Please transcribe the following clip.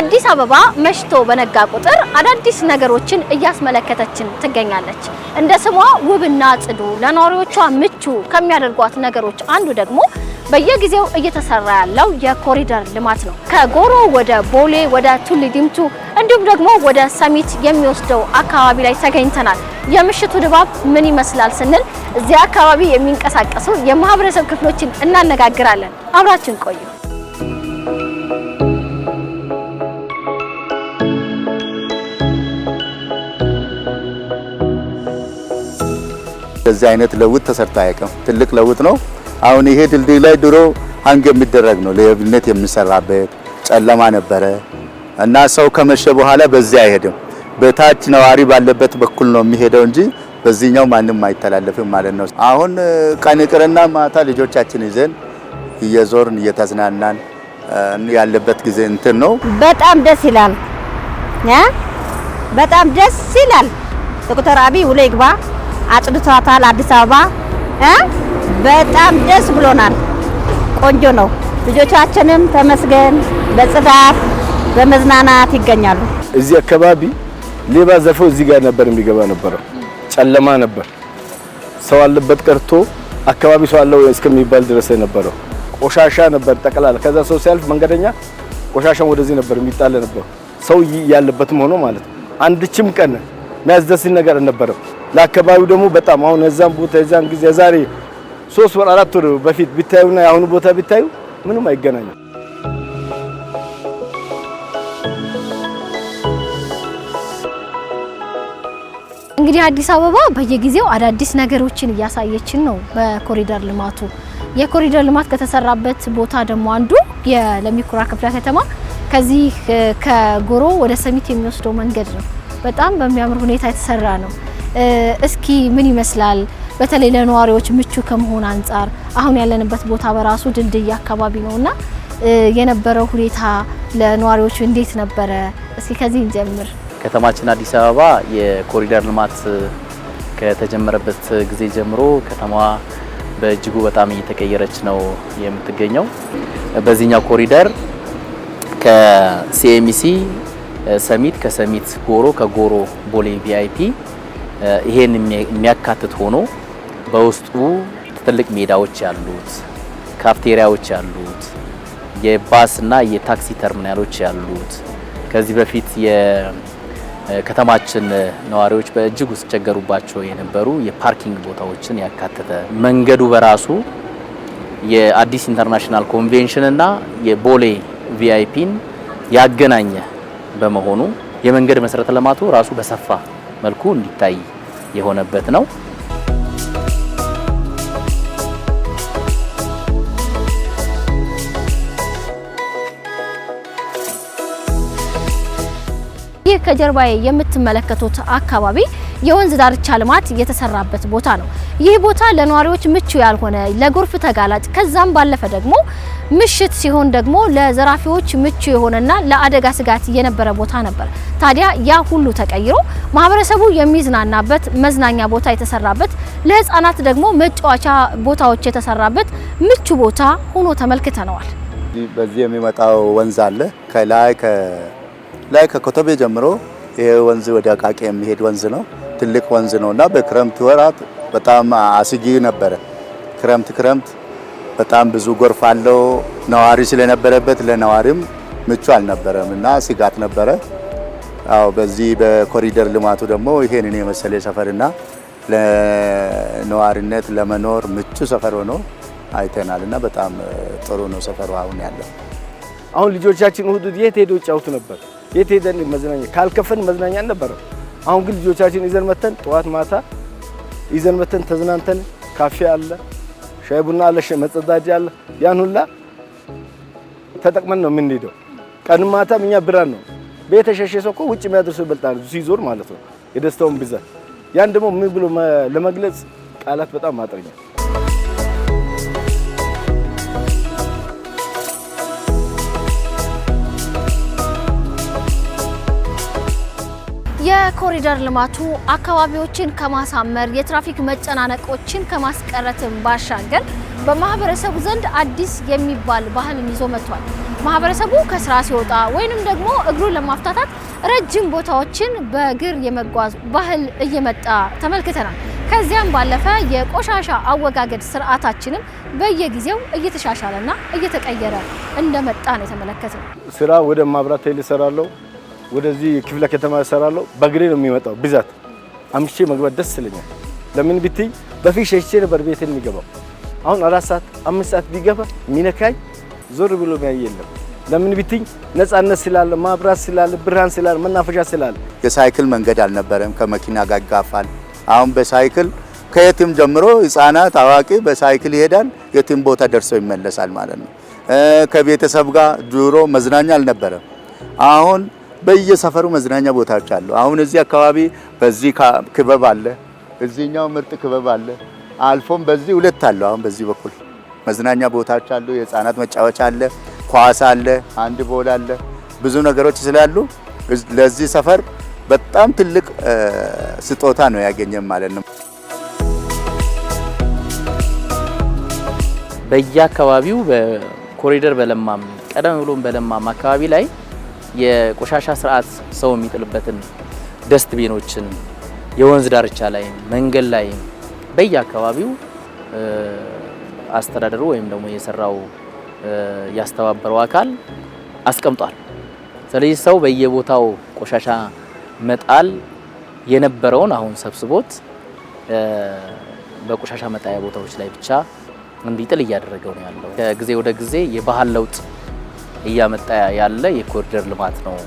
አዲስ አበባ መሽቶ በነጋ ቁጥር አዳዲስ ነገሮችን እያስመለከተችን ትገኛለች። እንደ ስሟ ውብና ጽዱ ለነዋሪዎቿ ምቹ ከሚያደርጓት ነገሮች አንዱ ደግሞ በየጊዜው እየተሰራ ያለው የኮሪደር ልማት ነው። ከጎሮ ወደ ቦሌ፣ ወደ ቱሉ ዲምቱ እንዲሁም ደግሞ ወደ ሰሚት የሚወስደው አካባቢ ላይ ተገኝተናል። የምሽቱ ድባብ ምን ይመስላል ስንል እዚያ አካባቢ የሚንቀሳቀሱ የማህበረሰብ ክፍሎችን እናነጋግራለን። አብራችን ቆዩ። እንደዚህ አይነት ለውጥ ተሰርታ አያውቅም። ትልቅ ለውጥ ነው። አሁን ይሄ ድልድይ ላይ ድሮ ሀንግ የሚደረግ ነው፣ ለብነት የሚሰራበት ጨለማ ነበረ እና ሰው ከመሸ በኋላ በዚህ አይሄድም። በታች ነዋሪ ባለበት በኩል ነው የሚሄደው እንጂ በዚህኛው ማንም አይተላለፍም ማለት ነው። አሁን ቀን ይቅርና ማታ ልጆቻችን ይዘን እየዞርን እየተዝናናን ያለበት ጊዜ እንትን ነው። በጣም ደስ ይላል። በጣም ደስ ይላል። ዶክተር አብይ ውሎ ይግባ። አጽድቷታል። አዲስ አበባ በጣም ደስ ብሎናል። ቆንጆ ነው። ልጆቻችንም ተመስገን በጽዳት በመዝናናት ይገኛሉ። እዚህ አካባቢ ሌባ ዘፎ እዚህ ጋር ነበር የሚገባ ነበረው። ጨለማ ነበር። ሰው አለበት ቀርቶ አካባቢ ሰው አለው እስከሚባል ድረስ የነበረው ቆሻሻ ነበር ጠቅላላ። ከዛ ሰው ሲያልፍ መንገደኛ ቆሻሻን ወደዚህ ነበር የሚጣለ ነበር ሰው ያለበትም ሆኖ ማለት ነው። አንድችም ቀን የሚያስደስት ነገር አልነበረም። ለአካባቢው ደግሞ በጣም አሁን እዛን ቦታ እዛን ጊዜ ዛሬ ሶስት ወር አራት ወር በፊት ቢታዩና የአሁኑ ቦታ ቢታዩ ምንም አይገናኝም። እንግዲህ አዲስ አበባ በየጊዜው አዳዲስ ነገሮችን እያሳየችን ነው። በኮሪደር ልማቱ የኮሪደር ልማት ከተሰራበት ቦታ ደግሞ አንዱ ለሚ ኩራ ክፍለ ከተማ ከዚህ ከጎሮ ወደ ሰሚት የሚወስደው መንገድ ነው። በጣም በሚያምር ሁኔታ የተሰራ ነው። እስኪ ምን ይመስላል? በተለይ ለነዋሪዎች ምቹ ከመሆን አንጻር አሁን ያለንበት ቦታ በራሱ ድልድይ አካባቢ ነውና የነበረው ሁኔታ ለነዋሪዎቹ እንዴት ነበረ? እስኪ ከዚህ እንጀምር። ከተማችን አዲስ አበባ የኮሪደር ልማት ከተጀመረበት ጊዜ ጀምሮ ከተማዋ በእጅጉ በጣም እየተቀየረች ነው የምትገኘው። በዚህኛው ኮሪደር ከሲኤምሲ ሰሚት፣ ከሰሚት ጎሮ፣ ከጎሮ ቦሌ ቪአይፒ ይሄን የሚያካትት ሆኖ በውስጡ ትልቅ ሜዳዎች ያሉት፣ ካፍቴሪያዎች ያሉት፣ የባስና የታክሲ ተርሚናሎች ያሉት ከዚህ በፊት የከተማችን ነዋሪዎች በእጅጉ ሲቸገሩባቸው የነበሩ የፓርኪንግ ቦታዎችን ያካተተ መንገዱ በራሱ የአዲስ ኢንተርናሽናል ኮንቬንሽን እና የቦሌ ቪአይፒን ያገናኘ በመሆኑ የመንገድ መሰረተ ልማቱ ራሱ በሰፋ መልኩ እንዲታይ የሆነበት ነው። ይህ ከጀርባዬ የምትመለከቱት አካባቢ የወንዝ ዳርቻ ልማት የተሰራበት ቦታ ነው። ይህ ቦታ ለነዋሪዎች ምቹ ያልሆነ ለጎርፍ ተጋላጭ ከዛም ባለፈ ደግሞ ምሽት ሲሆን ደግሞ ለዘራፊዎች ምቹ የሆነና ለአደጋ ስጋት የነበረ ቦታ ነበር። ታዲያ ያ ሁሉ ተቀይሮ ማህበረሰቡ የሚዝናናበት መዝናኛ ቦታ የተሰራበት፣ ለህፃናት ደግሞ መጫወቻ ቦታዎች የተሰራበት ምቹ ቦታ ሆኖ ተመልክተነዋል። በዚህ የሚመጣው ወንዝ አለ ከላይ ከላይ ከኮተቤ ጀምሮ ይሄ ወንዝ ወደ አቃቂ የሚሄድ ወንዝ ነው። ትልቅ ወንዝ ነው እና በክረምት ወራት በጣም አስጊ ነበረ። ክረምት ክረምት በጣም ብዙ ጎርፍ አለው ነዋሪ ስለነበረበት ለነዋሪም ምቹ አልነበረም እና ስጋት ነበረ። አዎ በዚህ በኮሪደር ልማቱ ደግሞ ይሄንን የመሰለ ሰፈርና ለነዋሪነት ለመኖር ምቹ ሰፈር ሆኖ አይተናል እና በጣም ጥሩ ነው ሰፈሩ አሁን ያለው። አሁን ልጆቻችን እሑድ የት ሄዶ ይጫወቱ ነበር? የት ሄደን መዝናኛ ካልከፈን መዝናኛ አልነበረም። አሁን ግን ልጆቻችን ይዘን መተን ጠዋት ማታ ይዘን መተን ተዝናንተን ካፌ አለ፣ ሻይ ቡና አለ፣ መጸዳጃ አለ። ያን ሁላ ተጠቅመን ነው የምንሄደው። ቀን ማታም እኛ ብራን ነው ቤተ የሸሸ ሰው እኮ ውጭ የሚያደርሰው ይበልጣል ሲዞር ማለት ነው የደስታውን ብዛት ያን ደግሞ ምን ብሎ ለመግለጽ ቃላት በጣም ማጥረኛል። የኮሪደር ልማቱ አካባቢዎችን ከማሳመር የትራፊክ መጨናነቆችን ከማስቀረትም ባሻገር በማህበረሰቡ ዘንድ አዲስ የሚባል ባህልን ይዞ መጥቷል። ማህበረሰቡ ከስራ ሲወጣ ወይንም ደግሞ እግሩን ለማፍታታት ረጅም ቦታዎችን በእግር የመጓዝ ባህል እየመጣ ተመልክተናል። ከዚያም ባለፈ የቆሻሻ አወጋገድ ስርዓታችንም በየጊዜው እየተሻሻለና እየተቀየረ እንደመጣ ነው የተመለከትነው። ስራ ወደ ማብራት ኃይል እሰራለሁ ወደዚህ ክፍለ ከተማ እሰራለሁ። በእግሬ ነው የሚመጣው ብዛት አምሼ መግባት ደስ ይለኛል። ለምን ብትይ በፊት ሸሽቼ ነበር ቤት የሚገባው። አሁን አራት ሰዓት አምስት ሰዓት ቢገባ ሚነካኝ ዞር ብሎ ሚያይ የለም። ለምን ብትይ ነፃነት ስላለ፣ ማብራት ስላለ፣ ብርሃን ስላለ፣ መናፈሻ ስላለ። የሳይክል መንገድ አልነበረም። ከመኪና ጋር ይጋፋል። አሁን በሳይክል ከየትም ጀምሮ ህፃናት አዋቂ በሳይክል ይሄዳል። የትም ቦታ ደርሰው ይመለሳል ማለት ነው። ከቤተሰብ ጋር ድሮ መዝናኛ አልነበረም። አሁን በየሰፈሩ መዝናኛ ቦታዎች አሉ። አሁን እዚህ አካባቢ በዚህ ክበብ አለ፣ እዚህኛው ምርጥ ክበብ አለ። አልፎም በዚህ ሁለት አለ። አሁን በዚህ በኩል መዝናኛ ቦታዎች አሉ። የህፃናት መጫወቻ አለ፣ ኳስ አለ፣ አንድ ቦል አለ፣ ብዙ ነገሮች ስላሉ ለዚህ ሰፈር በጣም ትልቅ ስጦታ ነው ያገኘም ማለት ነው። በየአካባቢው በኮሪደር በለማም ቀደም ብሎም በለማም አካባቢ ላይ የቆሻሻ ስርዓት ሰው የሚጥልበትን ደስት ቢኖችን የወንዝ ዳርቻ ላይ መንገድ ላይ በየአካባቢው አስተዳደሩ ወይም ደግሞ የሰራው ያስተባበረው አካል አስቀምጧል። ስለዚህ ሰው በየቦታው ቆሻሻ መጣል የነበረውን አሁን ሰብስቦት በቆሻሻ መጣያ ቦታዎች ላይ ብቻ እንዲጥል እያደረገው ነው ያለው። ከጊዜ ወደ ጊዜ የባህል ለውጥ እያመጣ ያለ የኮሪደር ልማት ነው